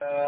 Uh,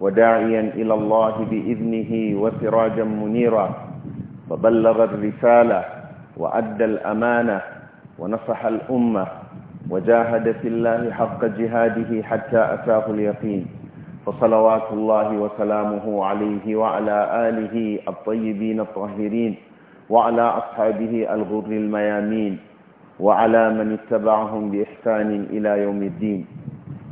وداعيا إلى الله بإذنه وسراجا منيرا فبلغ الرسالة وأدى الأمانة ونصح الأمة وجاهد في الله حق جهاده حتى أتاه اليقين فصلوات الله وسلامه عليه وعلى آله الطيبين الطاهرين وعلى أصحابه الغر الميامين وعلى من اتبعهم بإحسان إلى يوم الدين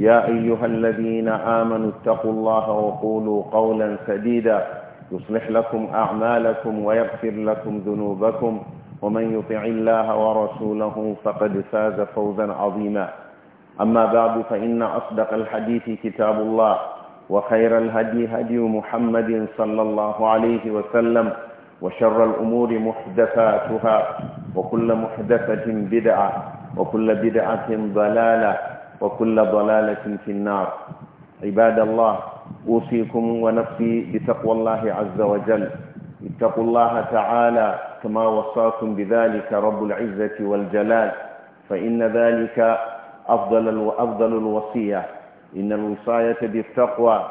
يا أيها الذين آمنوا اتقوا الله وقولوا قولا سديدا يصلح لكم أعمالكم ويغفر لكم ذنوبكم ومن يطع الله ورسوله فقد فاز فوزا عظيما أما بعد فإن أصدق الحديث كتاب الله وخير الهدي هدي محمد صلى الله عليه وسلم وشر الأمور محدثاتها وكل محدثة بدعة وكل بدعة ضلالة وكل ضلالة في النار عباد الله أوصيكم ونفسي بتقوى الله عز وجل اتقوا الله تعالى كما وصاكم بذلك رب العزة والجلال فإن ذلك أفضل, أفضل الوصية إن الوصاية بالتقوى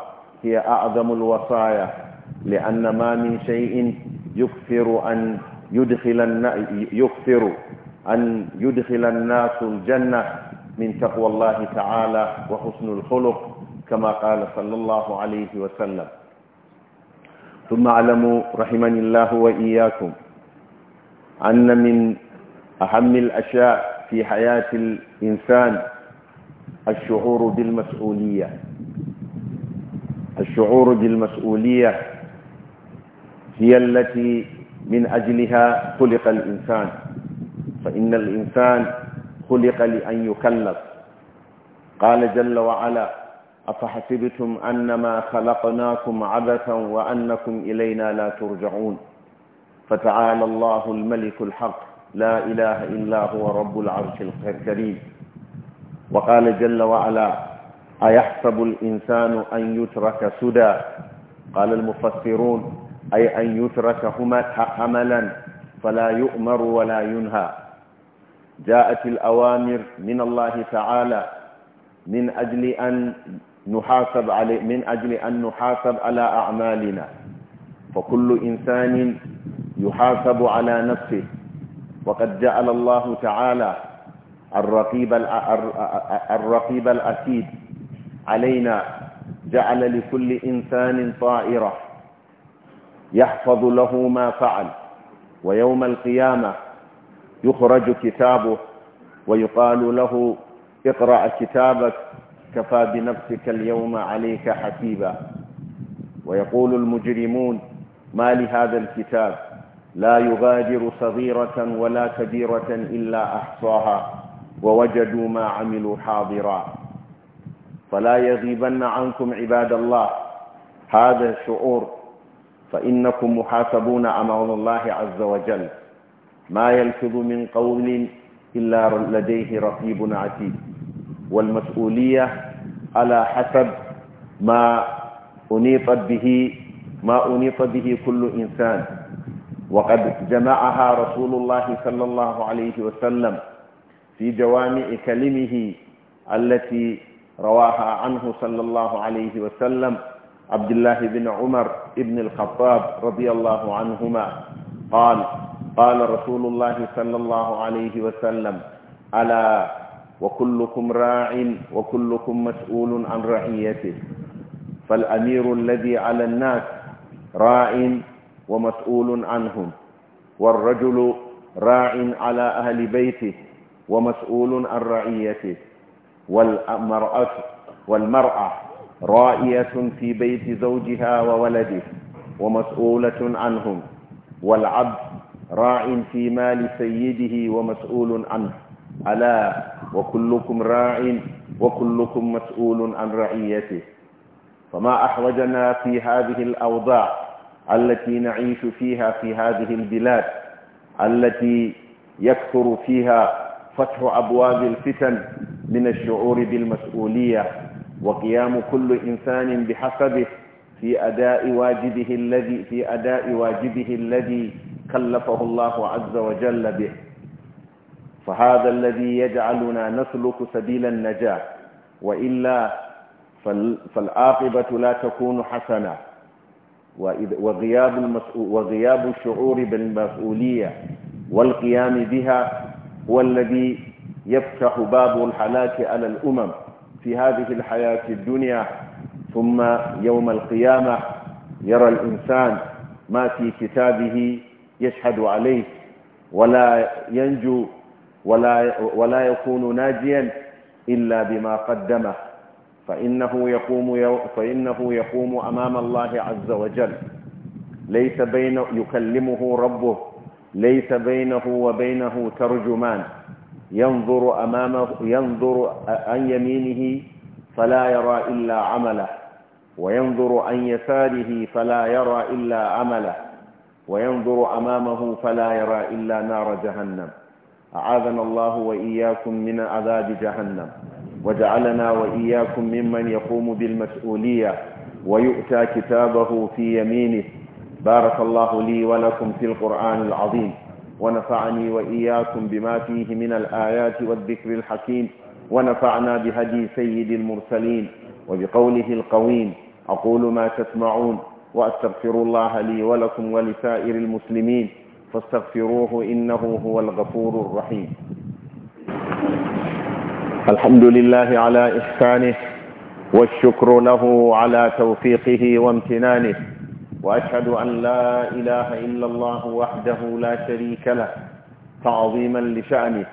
هي أعظم الوصايا لأن ما من شيء يكثر أن يدخل يكثر أن يدخل الناس الجنة من تقوى الله تعالى وحسن الخلق كما قال صلى الله عليه وسلم ثم اعلموا رحمني الله وإياكم أن من أهم الأشياء في حياة الإنسان الشعور بالمسؤولية الشعور بالمسؤولية هي التي من أجلها خلق الإنسان فإن الإنسان خلق لأن يكلف قال جل وعلا أفحسبتم أنما خلقناكم عبثا وأنكم إلينا لا ترجعون فتعالى الله الملك الحق لا إله إلا هو رب العرش الكريم وقال جل وعلا أيحسب الإنسان أن يترك سدى قال المفسرون أي أن يترك هملا فلا يؤمر ولا ينهى جاءت الأوامر من الله تعالى من أجل أن نحاسب علي من أجل أن نحاسب على أعمالنا فكل إنسان يحاسب على نفسه وقد جعل الله تعالى الرقيب الرقيب الأكيد علينا جعل لكل إنسان طائرة يحفظ له ما فعل ويوم القيامة يخرج كتابه ويقال له اقرأ كتابك كفى بنفسك اليوم عليك حسيبا ويقول المجرمون ما لهذا الكتاب لا يغادر صغيرة ولا كبيرة إلا أحصاها ووجدوا ما عملوا حاضرا فلا يغيبن عنكم عباد الله هذا الشعور فإنكم محاسبون أمام الله عز وجل ما يلفظ من قول إلا لديه رقيب عتيد والمسؤولية على حسب ما أنيطت به ما أنيط به كل إنسان وقد جمعها رسول الله صلى الله عليه وسلم في جوامع كلمه التي رواها عنه صلى الله عليه وسلم عبد الله بن عمر بن الخطاب رضي الله عنهما قال قال رسول الله صلى الله عليه وسلم ألا وكلكم راع وكلكم مسؤول عن رعيته فالأمير الذي على الناس راع ومسؤول عنهم والرجل راع على أهل بيته ومسؤول عن رعيته والمرأة, والمرأة رائية في بيت زوجها وولده ومسؤولة عنهم والعبد راع في مال سيده ومسؤول عنه ألا وكلكم راع وكلكم مسؤول عن رعيته فما أحوجنا في هذه الأوضاع التي نعيش فيها في هذه البلاد التي يكثر فيها فتح أبواب الفتن من الشعور بالمسؤولية وقيام كل إنسان بحسبه في أداء واجبه الذي في أداء واجبه الذي كلفه الله عز وجل به فهذا الذي يجعلنا نسلك سبيل النجاة وإلا فالعاقبة لا تكون حسنة وغياب, وغياب الشعور بالمسؤولية والقيام بها هو الذي يفتح باب الحلاك على الأمم في هذه الحياة الدنيا ثم يوم القيامة يرى الإنسان ما في كتابه يشهد عليه ولا ينجو ولا, ولا يكون ناجيا إلا بما قدمه فإنه يقوم, فإنه يقوم أمام الله عز وجل ليس بين يكلمه ربه ليس بينه وبينه ترجمان ينظر أمامه ينظر عن يمينه فلا يرى إلا عمله وينظر عن يساره فلا يرى إلا عمله وينظر أمامه فلا يرى إلا نار جهنم أعاذنا الله وإياكم من عذاب جهنم وجعلنا وإياكم ممن يقوم بالمسؤولية ويؤتى كتابه في يمينه بارك الله لي ولكم في القرآن العظيم ونفعني وإياكم بما فيه من الآيات والذكر الحكيم ونفعنا بهدي سيد المرسلين وبقوله القويم أقول ما تسمعون وأستغفر الله لي ولكم ولسائر المسلمين فاستغفروه إنه هو الغفور الرحيم الحمد لله على إحسانه والشكر له على توفيقه وامتنانه وأشهد أن لا إله إلا الله وحده لا شريك له تعظيما لشأنه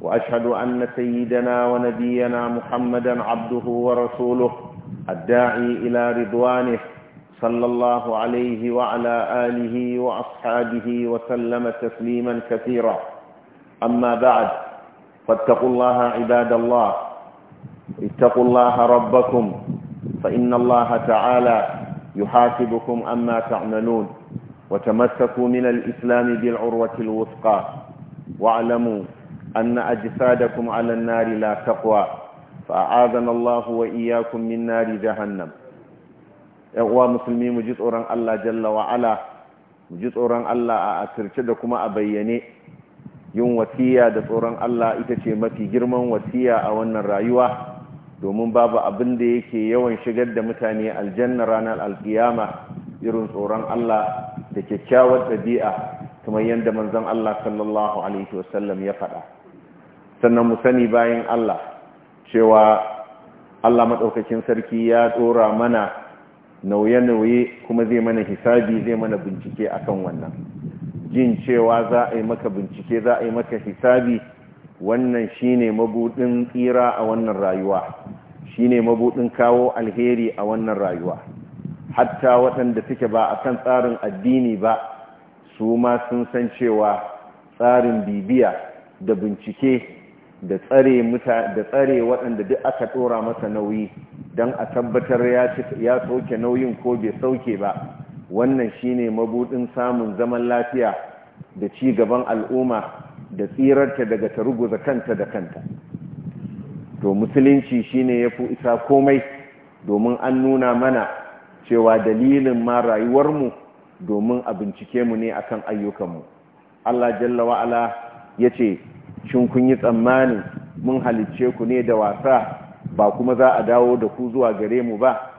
وأشهد أن سيدنا ونبينا محمدا عبده ورسوله الداعي إلى رضوانه صلى الله عليه وعلى آله وأصحابه وسلم تسليما كثيرا أما بعد فاتقوا الله عباد الله اتقوا الله ربكم فإن الله تعالى يحاسبكم أما تعملون وتمسكوا من الإسلام بالعروة الوثقى واعلموا أن أجسادكم على النار لا تقوى فأعاذنا الله وإياكم من نار جهنم yan uwa musulmi mu ji tsoron Allah jalla wa ala mu ji tsoron Allah a asirce da kuma a bayyane yin wasiya da tsoron Allah ita ce mafi girman wasiya a wannan rayuwa domin babu abin da yake yawan shigar da mutane aljanna ranar alkiyama irin tsoron Allah da kyakkyawar ɗabi'a kuma yadda manzon Allah sallallahu alaihi wasallam ya faɗa sannan mu sani bayan Allah cewa Allah maɗaukakin sarki ya tsora mana nauye-nauye kuma zai mana hisabi zai mana bincike akan wannan jin cewa za a yi maka bincike za a yi maka hisabi wannan shine mabudin tsira a wannan rayuwa shine mabudin kawo alheri a wannan rayuwa hatta waɗanda suke ba a kan tsarin addini ba su ma sun san cewa tsarin bibiya da bincike da tsare waɗanda duk aka ɗora masa nauyi don a tabbatar ya sauke nauyin ko bai sauke ba wannan shine mabudin samun zaman lafiya da ci gaban al'umma da tsirarta daga ta ruguza kanta da kanta to musulunci shine ya fi isa komai domin an nuna mana cewa dalilin ma rayuwarmu domin a bincike mu ne akan ayyukanmu Allah jalla wa'ala ya ce shin kun yi tsammani mun halicce ku ne da wasa ba kuma za a dawo da ku zuwa gare mu ba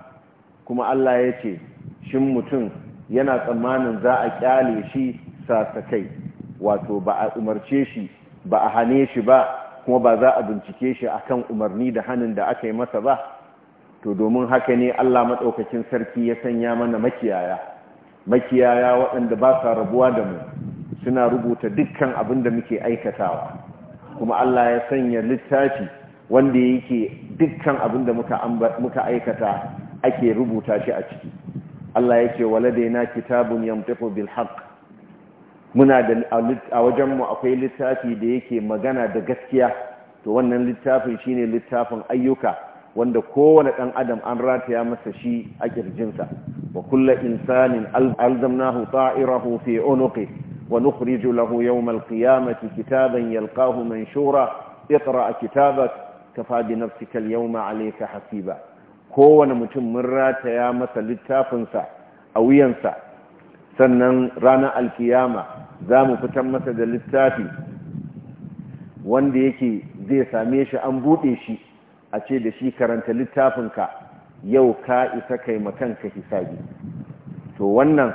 kuma Allah ya ce shin mutum yana tsammanin za a kyale shi sasakai wato ba a umarce shi ba a hane shi ba kuma ba za a bincike shi akan umarni da hannun da aka yi masa ba to domin haka ne Allah maɗaukakin sarki ya sanya mana makiyaya makiyaya waɗanda ba sa rabuwa da mu suna rubuta dukkan abin da muke aikatawa kuma Allah ya sanya littafi wanda yake dukkan abin da muka muka aikata ake rubuta shi a ciki Allah yake waladaina kitabun yamtahu bil haqq muna da a wajen mu akwai littafi da yake magana da gaskiya to wannan littafin shine littafin ayyuka wanda kowane dan adam an rataya masa shi a ƙirjinsa wa kullu insanin alzamnahu ta'irahu fi unqi wa nukhriju lahu yawm alqiyamati kitaban yalqahu manshura اقرأ كتابك kafa bi yau yawma alayka hasiba kowane mutum mun rataya masa littafinsa a wuyansa sannan ranar alkiyama za mu fitar masa da littafi wanda yake zai same shi an buɗe shi a ce da shi karanta littafinka yau ka isa kai ka hisabi to wannan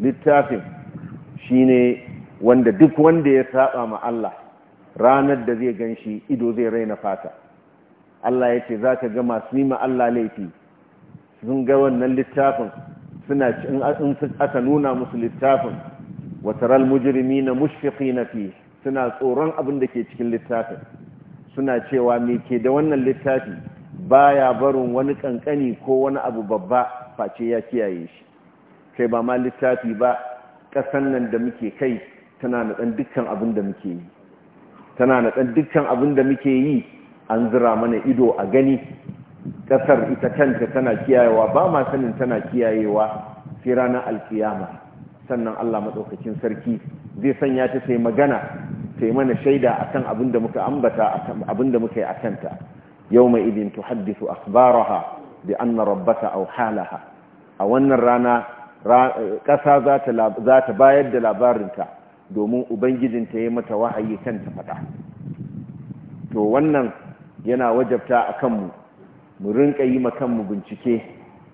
littafin shine wanda duk wanda ya saba ma Allah ranar da zai ganshi ido zai raina fata Allah ya ce za ka ga masu nima Allah laifi sun ga wannan littafin suna in aka nuna musu littafin wataral mujirimi na mushfiki na fi suna tsoron abin da ke cikin littafin suna cewa me ke da wannan littafi baya barin wani kankani ko wani abu babba face ya kiyaye shi kai ba ma littafi ba ƙasan nan da muke kai tana na ɗan dukkan abin da muke yi tana na ɗan dukkan abin da muke yi an zira mana ido a gani ƙasar ita kanta tana kiyayewa ba ma sanin tana kiyayewa sai ranar alkiyama sannan Allah maɗaukakin sarki zai sanya ta sai magana sai mana shaida akan abin da muka ambata abinda da muka yi a kanta idin tuhaddisu akhbaraha haddisu anna rabbaka aw halaha a wannan rana ƙasa za ta bayar da labarinta domin ubangijinta ya mata wahayi kan ta to wannan yana wajabta a kanmu mu rinƙa yi ma kanmu bincike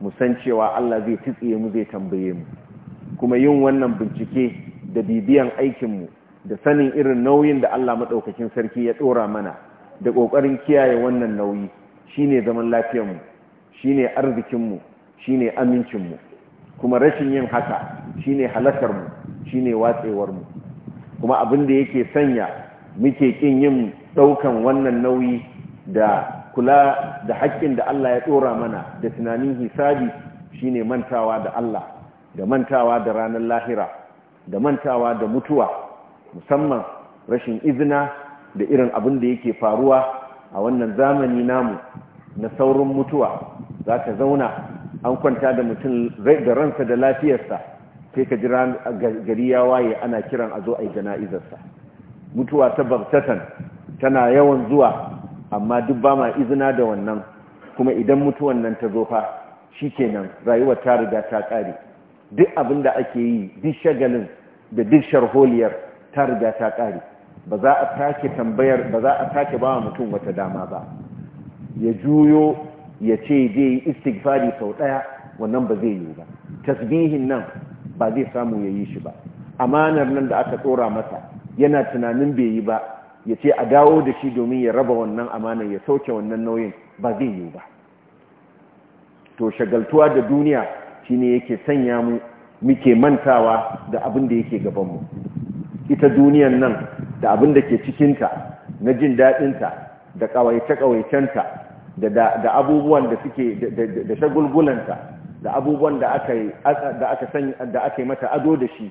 mu san cewa Allah zai titsiye mu zai tambaye mu kuma yin wannan bincike da bibiyan aikinmu da sanin irin nauyin da Allah maɗaukakin sarki ya ɗora mana da ƙoƙarin kiyaye wannan nauyi shi ne zaman shi ne arzikinmu shi ne amincinmu kuma rashin yin haka shi shine halakarmu ne watsewarmu kuma abin da yake sanya muke ƙin yin ɗaukan wannan nauyi da kula da hakkin da Allah ya ɗora mana da tunanin hisabi shine mantawa da Allah da mantawa da ranar lahira da mantawa da mutuwa musamman rashin izina da irin abin da yake faruwa a wannan zamani namu na saurin mutuwa za ka zauna an kwanta da mutum da ransa da lafiyarsa sai ka jira gari ya waye ana kiran a zo a yi jana'izarsa mutuwa ta bautatan tana yawan zuwa amma duk ba ma izina da wannan kuma idan mutuwan nan ta zo fa shi nan rayuwar ta riga ta kare duk abin da ake yi duk shagalin da duk sharholiyar ta riga ta kare ba za a take tambayar ba za a take ba mutum wata dama ba ya juyo ya ce zai yi istighfari sau ɗaya wannan ba zai yi ba tasbihin nan ba zai samu ya yi shi ba amanar nan da aka tsora masa yana tunanin bai yi ba ya ce a dawo da shi domin ya raba wannan amanar ya sauke wannan nauyin ba zai yiwu ba to shagaltuwa da duniya shi ne yake sanya mu muke mantawa da abin da yake gabanmu ita duniyan nan da abin da ke cikinta na jin daɗinta da ƙawaice-ƙawaicenta da abubuwan da suke da shagulgulanta da abubuwan da aka yi mata ado da shi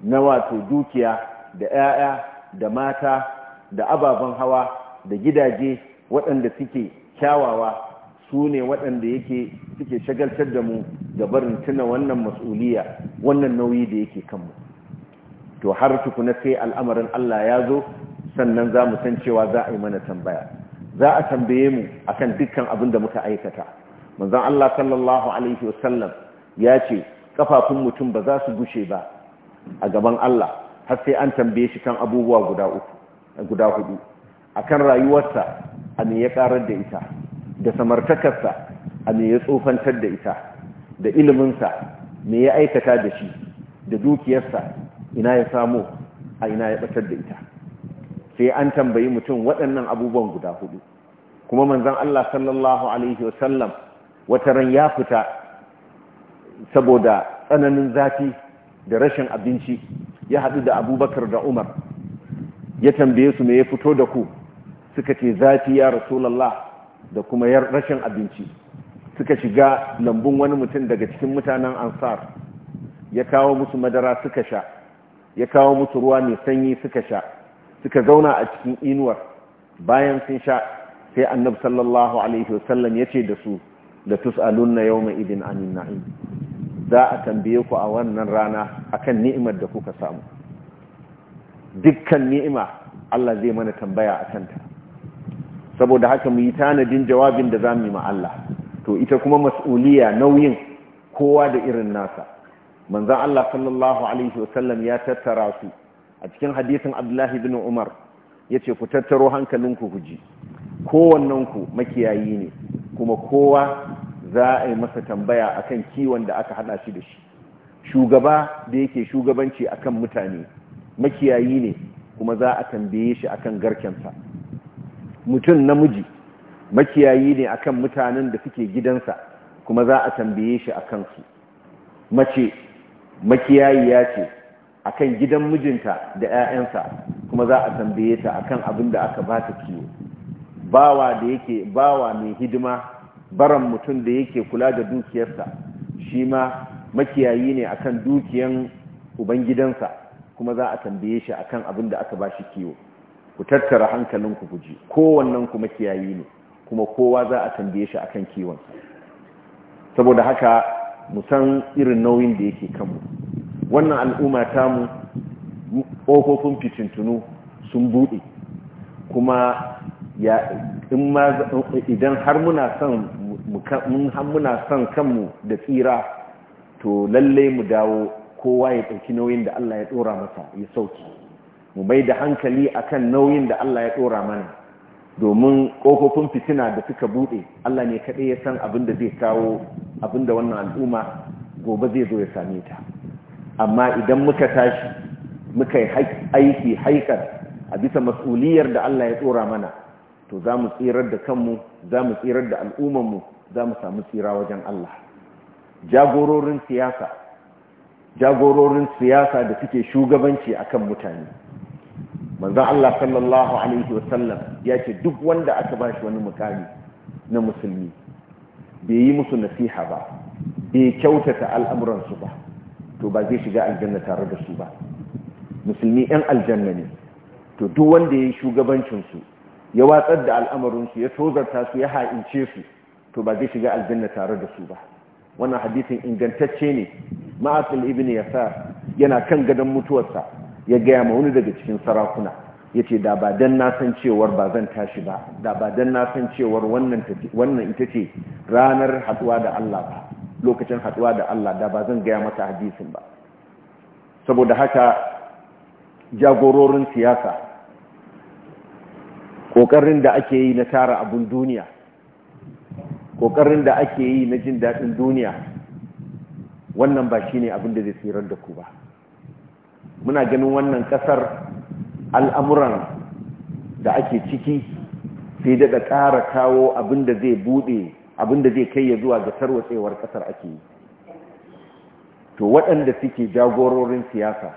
na wato dukiya da 'ya'ya da mata da ababen hawa da gidaje waɗanda suke kyawawa su ne waɗanda yake suke shagaltar da mu da barin tuna wannan mas'uliya wannan nauyi da yake kanmu to har tukuna sai al'amarin Allah ya zo sannan za mu san cewa za a yi mana tambaya za a tambaye mu akan dukkan abin da muka aikata manzon Allah sallallahu alaihi wasallam ya ce kafafun mutum ba za su gushe ba a gaban Allah har sai an tambaye shi kan abubuwa guda uku guda hudu akan rayuwarsa a ya karar da ita da samartakarsa a ya tsofantar da ita da iliminsa me ya aikata da shi da dukiyarsa ina ya samu a ina ya batar da ita sai an tambayi mutum waɗannan abubuwan guda hudu kuma manzon Allah sallallahu alaihi wasallam wata ran ya fita saboda tsananin zafi da rashin abinci ya haɗu da abubakar da umar ya tambaye su me ya fito da ku suka ce zafi ya rasulallah da kuma rashin abinci suka shiga lambun wani mutum daga cikin mutanen ansar ya kawo musu madara suka sha ya kawo musu ruwa mai sanyi suka sha suka zauna a cikin inuwar bayan sun sha sai annab sallallahu alaihi wasallam ya ce da su da tus'alun na yau idin anin na'im za a tambaye ku a wannan rana akan ni'imar da kuka samu dukkan ni'ima Allah zai mana tambaya a kanta saboda haka mu yi tanadin jawabin da zamu yi ma Allah to ita kuma mas'uliya nauyin kowa da irin nasa manzon Allah sallallahu alaihi wasallam ya tattara su a cikin hadisin Abdullahi bin Umar ya ce ku tattaro hankalinku ku ji kowannenku makiyayi ne kuma kowa za a yi masa tambaya akan kiwon da aka hada shi da shi shugaba da yake shugabanci akan mutane makiyayi ne kuma za a tambaye shi akan garkensa mutum namiji makiyayi ne akan mutanen da suke gidansa kuma za a tambaye shi akan su mace makiyayi ya ce akan gidan mijinta da 'ya'yansa kuma za a tambaye ta akan abin da aka ba ta kiwo bawa da yake bawa mai hidima baran mutum da yake kula da dukiyarsa shi ma makiyayi ne akan dukiyan uban gidansa. kuma za a tambaye shi akan abin da aka ba shi kiwo ku tattara hankalinku ku ji kowannan kuma kiyayi ne kuma kowa za a tambaye shi akan kiwon saboda haka mu san irin nauyin da yake kanmu wannan al'umma mu ƙofofin fitintunu sun buɗe kuma idan har muna son kanmu da tsira to lalle mu dawo kowa ya ɗauki nauyin da Allah ya ɗora masa ya sauki mu mai da hankali akan nauyin da Allah ya ɗora mana domin ƙofofin fitina da suka buɗe Allah ne kaɗai ya san abin da zai kawo abin da wannan al'umma gobe zai zo ya same ta amma idan muka tashi muka aiki haikar a bisa mas'uliyar da Allah ya tsora mana to za mu tsirar da kanmu za mu tsirar da al'ummanmu za mu samu tsira wajen Allah jagororin siyasa jagororin siyasa da suke shugabanci akan mutane manzan Allah sallallahu alaihi wasallam ya ce duk wanda aka ba shi wani mukami na musulmi bai yi musu nasiha ba bai kyautata al'amuransu ba to ba zai shiga aljanna tare da su ba musulmi 'yan aljanna ne to duk wanda ya yi shugabancinsu ya watsar da al'amuransu, ya tozarta su ya ha'ince su to ba zai shiga aljanna tare da su ba wannan hadisin ingantacce ne ma'asul ibn yasa yana kan gadon mutuwarsa ya gaya ma wani daga cikin sarakuna ya ce da ba don nasan cewar ba zan tashi ba da ba don nasan cewar wannan ita ce ranar haduwa da Allah ba lokacin haduwa da Allah da ba zan gaya masa hadisin ba saboda haka jagororin siyasa kokarin da ake yi na tara abun duniya kokarin da ake yi na jin daɗin duniya wannan ba shi ne abinda zai tsirar da ku ba muna ganin wannan kasar al'amuran da ake ciki sai daga ƙara kawo abinda zai buɗe abinda zai kai ya zuwa ga tarwatsewar kasar ake yi to waɗanda suke jagororin siyasa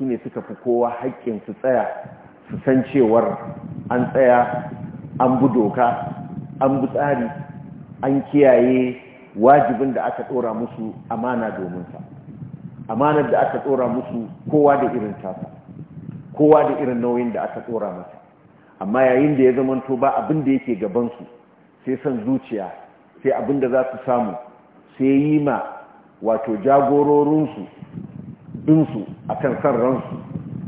su ne suka fi kowa haƙƙin su tsaya su san cewar an tsaya an bu doka an bu tsari an kiyaye wajibin da aka tsora musu amana domin sa amanar da aka tsora musu kowa da irin tasa kowa da irin nauyin da aka tsora masa amma yayin da ya zamanto ba abin da yake gabansu sai son zuciya sai abin da za su samu sai yi ma wato jagororinsu dinsu a kan san ransu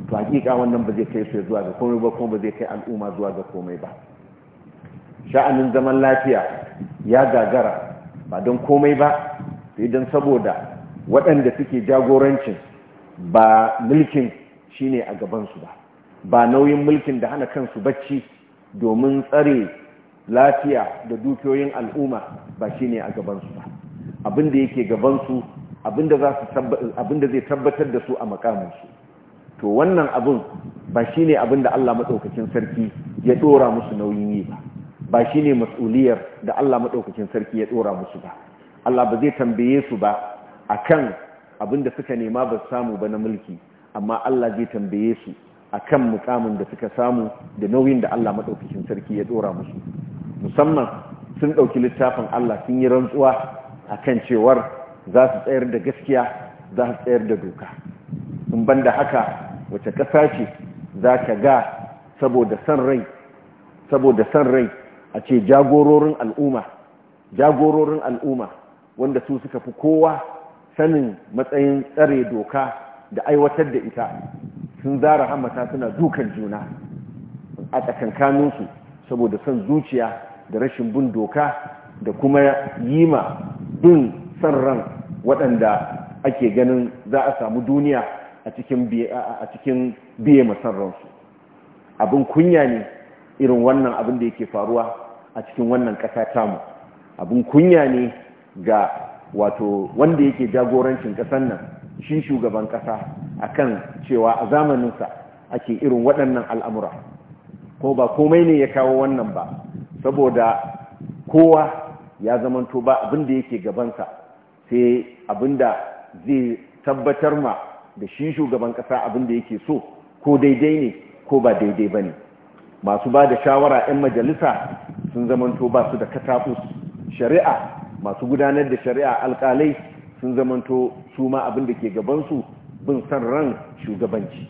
to hakika wannan ba zai kai su zuwa ga komai ba kuma ba zai kai al'umma zuwa ga komai ba sha'anin zaman lafiya ya gagara ba don komai ba sai don saboda waɗanda suke jagorancin ba mulkin shine a gabansu ba ba nauyin mulkin da hana kansu bacci domin tsare lafiya da dukiyoyin al'umma ba shine a gabansu ba abinda yake gabansu abinda zai tabbatar da su a makamansu to wannan abin ba shine abinda Allah maɗaukakin sarki ya ɗora musu nauyin yi ba ba shi ne mas'uliyar da Allah maɗaukacin sarki ya tsora musu ba Allah ba zai tambaye su ba a kan abin da suka nema ba samu ba na mulki amma Allah zai tambaye su a kan mukamin da suka samu da nauyin da Allah maɗaukacin sarki ya tsora musu musamman sun ɗauki littafin Allah sun yi rantsuwa a kan cewar za su tsayar da gaskiya za su tsayar da doka in ban da haka wace ƙasa ce za ka ga saboda san rai saboda san rai a ce jagororin al'umma jagororin al'umma wanda su suka fi kowa sanin matsayin tsare doka da aiwatar da ita sun zara hamata suna dukan juna a tsakankaninsu saboda son zuciya da rashin bin doka da kuma yi ma bin son ran waɗanda ake ganin za a samu duniya a cikin biye masarransu abin kunya ne irin wannan abin da yake faruwa a cikin wannan ƙasa tamu abin kunya ne ga wato wanda yake jagorancin ƙasar nan shi shugaban ƙasa a kan cewa a zamaninsa ake irin waɗannan al'amura ko ba komai ne ya kawo wannan ba saboda kowa ya zamanto ba abin da yake gabansa sai abin da zai tabbatar ma da shi shugaban ƙasa abin da yake so ko daidai ne ko ba daidai ba ne masu ba da shawara 'yan majalisa sun zamanto ba su da katakus shari'a masu gudanar da shari'a alkalai sun zamanto su ma abin da ke gabansu bin san ran shugabanci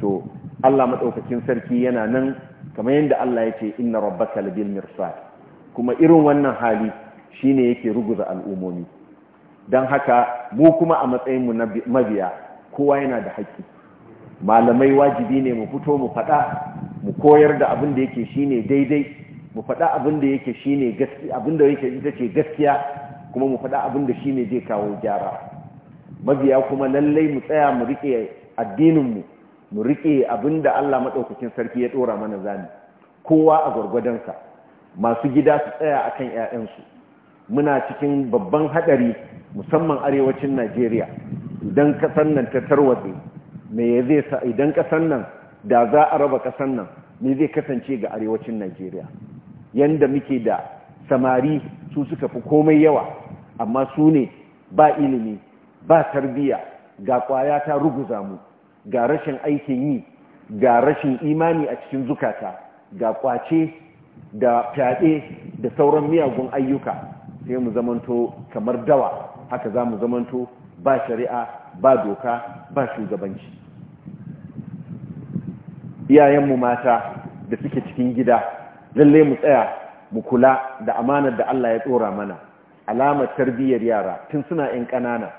to Allah maɗaukakin sarki yana nan kamar yadda Allah ya ce inna rabbaka labil mirsad kuma irin wannan hali shine yake ruguza al'umomi don haka mu kuma a matsayin mu na mabiya kowa yana da haƙƙi malamai wajibi ne mu fito mu faɗa mu koyar da abin da yake shine daidai mu faɗa abin da yake shi ne abin da yake ita ce gaskiya kuma mu faɗa abin da ne zai kawo gyara mabiya kuma lallai mu tsaya mu rike addinin mu mu rike abin da Allah maɗaukakin sarki ya dora mana zani kowa a sa masu gida su tsaya akan ƴaƴansu muna cikin babban haɗari musamman arewacin Najeriya idan kasar nan ta tarwatse me zai sa idan kasar nan da za a raba ƙasar nan me zai kasance ga arewacin Najeriya yanda muke da samari su suka fi komai yawa amma su ne ba ilimi ba tarbiya ga kwaya ta ruguza mu ga rashin aikin yi ga rashin imani a cikin zukata ga kwace da fyaɗe da sauran miyagun ayyuka sai mu zamanto kamar dawa haka za mu zamanto ba shari'a ba doka ba shugabanci iyayenmu mata da suke cikin gida lalle mu tsaya mu kula da amanar da Allah ya tsora mana alamar tarbiyyar yara tun suna yan ƙanana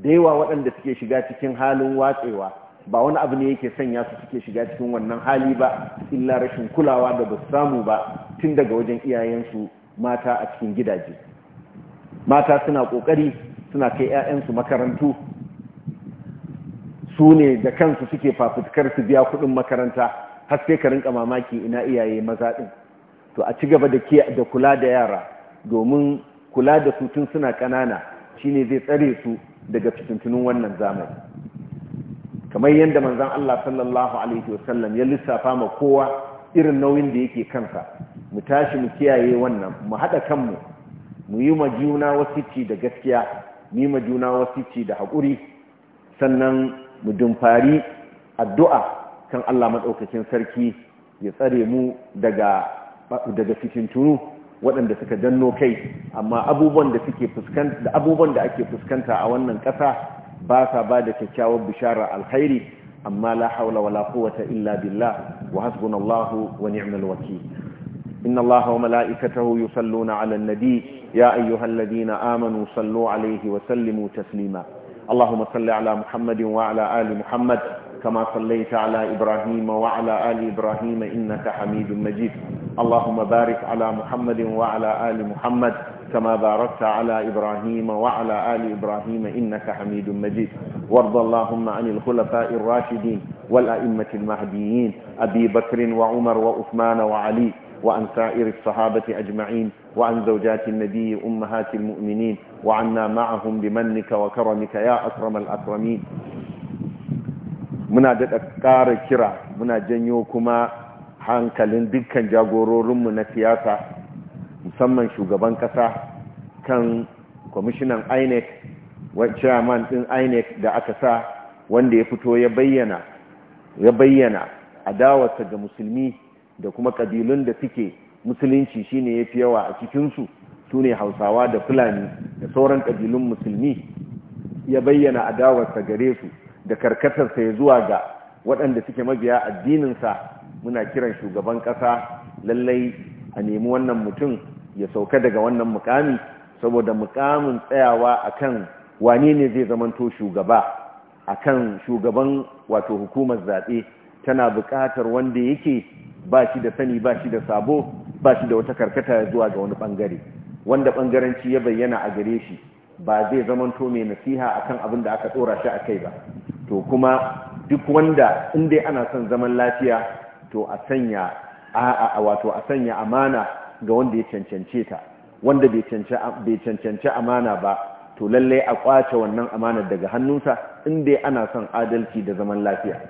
da yawa waɗanda suke shiga cikin halin watsewa ba wani abu ne yake sanya su suke shiga cikin wannan hali ba illa rashin kulawa da ba samu ba tun daga wajen iyayensu mata a cikin gidaje mata suna ƙoƙari suna kai 'ya'yansu makarantu su ne da kansu suke fafutukar su biya kuɗin makaranta har sai ka rinka mamaki ina iyaye maza ɗin to a ci gaba da kula da yara domin kula da su tun suna ƙanana shine zai tsare su daga fitintunin wannan zamani kamar yadda manzan Allah sallallahu alaihi wasallam ya lissafa ma kowa irin nauyin da yake kansa mu tashi mu kiyaye wannan mu haɗa kanmu mu yi ma juna wasici da gaskiya mu yi ma juna wasici da haƙuri sannan mu dumfari addu'a kan Allah maɗaukakin sarki ya tsare mu daga daga tunu waɗanda suka danno kai amma abubuwan da abubuwan da ake fuskanta a wannan ƙasa ba sa ba da kyakkyawar bishara alkhairi amma la haula wala quwwata illa billah wa hasbunallahu wa ni'mal wakeel inna allaha wa mala'ikatahu yusalluna 'alan nabi ya ayyuhalladhina amanu sallu 'alayhi wa sallimu taslima allahumma salli 'ala muhammadin wa ali muhammad كما صليت على إبراهيم وعلى آل إبراهيم إنك حميد مجيد اللهم بارك على محمد وعلى آل محمد كما باركت على إبراهيم وعلى آل إبراهيم إنك حميد مجيد وارض اللهم عن الخلفاء الراشدين والأئمة المهديين أبي بكر وعمر وأثمان وعلي وعن سائر الصحابة أجمعين وعن زوجات النبي أمهات المؤمنين وعنا معهم بمنك وكرمك يا أكرم الأكرمين muna daɗa ƙara kira muna janyo kuma hankalin dukkan jagororinmu na siyasa musamman shugaban ƙasa kan kwamishinan inec chairman ɗin inec da aka sa wanda ya fito ya bayyana ya bayyana adawarsa ga musulmi da kuma ƙabilun da suke musulunci shine ya fi yawa a cikinsu su ne hausawa da fulani da sauran ƙabilun musulmi ya bayyana adawarsa gare su da karkatarsa ya zuwa ga waɗanda suke mabiya addininsa muna kiran shugaban ƙasa lallai a nemi wannan mutum ya sauka daga wannan mukami saboda mukamin tsayawa akan wane ne zai zamanto shugaba akan shugaban wato hukumar zaɓe tana buƙatar wanda yake ba shi da sani ba shi da sabo ba shi da wata karkata zuwa ga wani ɓangare wanda ɓangaranci ya bayyana a gare shi ba zai zamanto mai nasiha akan abin da aka tsora shi kai ba to kuma duk wanda in ana son zaman lafiya to a sanya a wato a sanya amana ga wanda ya cancance ta wanda bai cancanci amana ba to lallai a kwace wannan amanar daga hannunsa in ana son adalci da zaman lafiya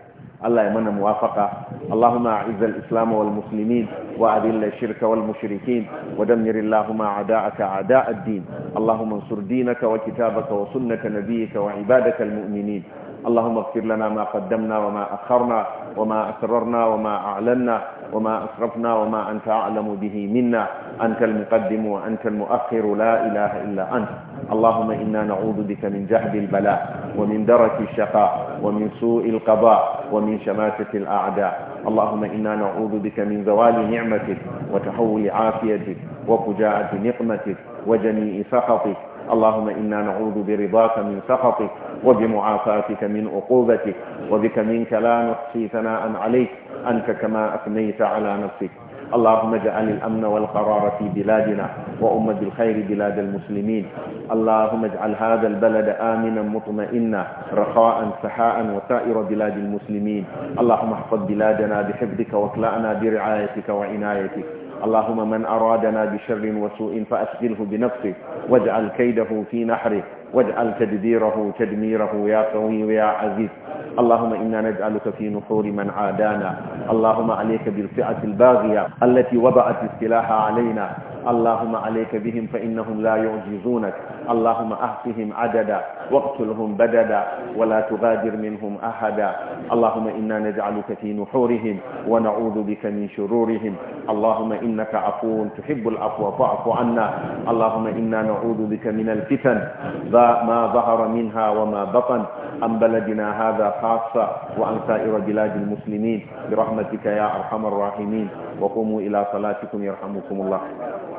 الله يمن موافقة اللهم أعز الإسلام والمسلمين وأذل الشرك والمشركين ودمر اللهم اعداءك اعداء الدين اللهم انصر دينك وكتابك وسنة نبيك وعبادك المؤمنين اللهم اغفر لنا ما قدمنا وما أخرنا وما أسررنا وما أعلنا وما أسرفنا وما أنت أعلم به منا أنت المقدم وأنت المؤخر لا إله إلا أنت اللهم إنا نعوذ بك من جهد البلاء ومن درك الشقاء ومن سوء القضاء ومن شماتة الأعداء اللهم إنا نعوذ بك من زوال نعمتك وتحول عافيتك وفجاءة نقمتك وجميع سخطك اللهم إنا نعوذ برضاك من سخطك وبمعافاتك من عقوبتك وبك منك لا نحصي ثناء عليك أنت كما أثنيت على نفسك اللهم اجعل الأمن والقرار في بلادنا وأمة الخير بلاد المسلمين اللهم اجعل هذا البلد آمنا مطمئنا رخاء سحاء وسائر بلاد المسلمين اللهم احفظ بلادنا بحفظك واكلأنا برعايتك وعنايتك اللهم من أرادنا بشر وسوء فأسجله بنفسه واجعل كيده في نحره واجعل تدبيره تدميره يا قوي يا عزيز اللهم إنا نجعلك في نحور من عادانا اللهم عليك بالفئة الباغية التي وضعت السلاح علينا اللهم عليك بهم فإنهم لا يعجزونك اللهم أهفهم عددا واقتلهم بددا ولا تغادر منهم أحدا اللهم إنا نجعلك في نحورهم ونعوذ بك من شرورهم اللهم إنك عفو تحب العفو فاعف عنا اللهم إنا نعوذ بك من الفتن ما ظهر منها وما بطن عن بلدنا هذا خاصة وعن سائر بلاد المسلمين برحمتك يا أرحم الراحمين وقوموا إلى صلاتكم يرحمكم الله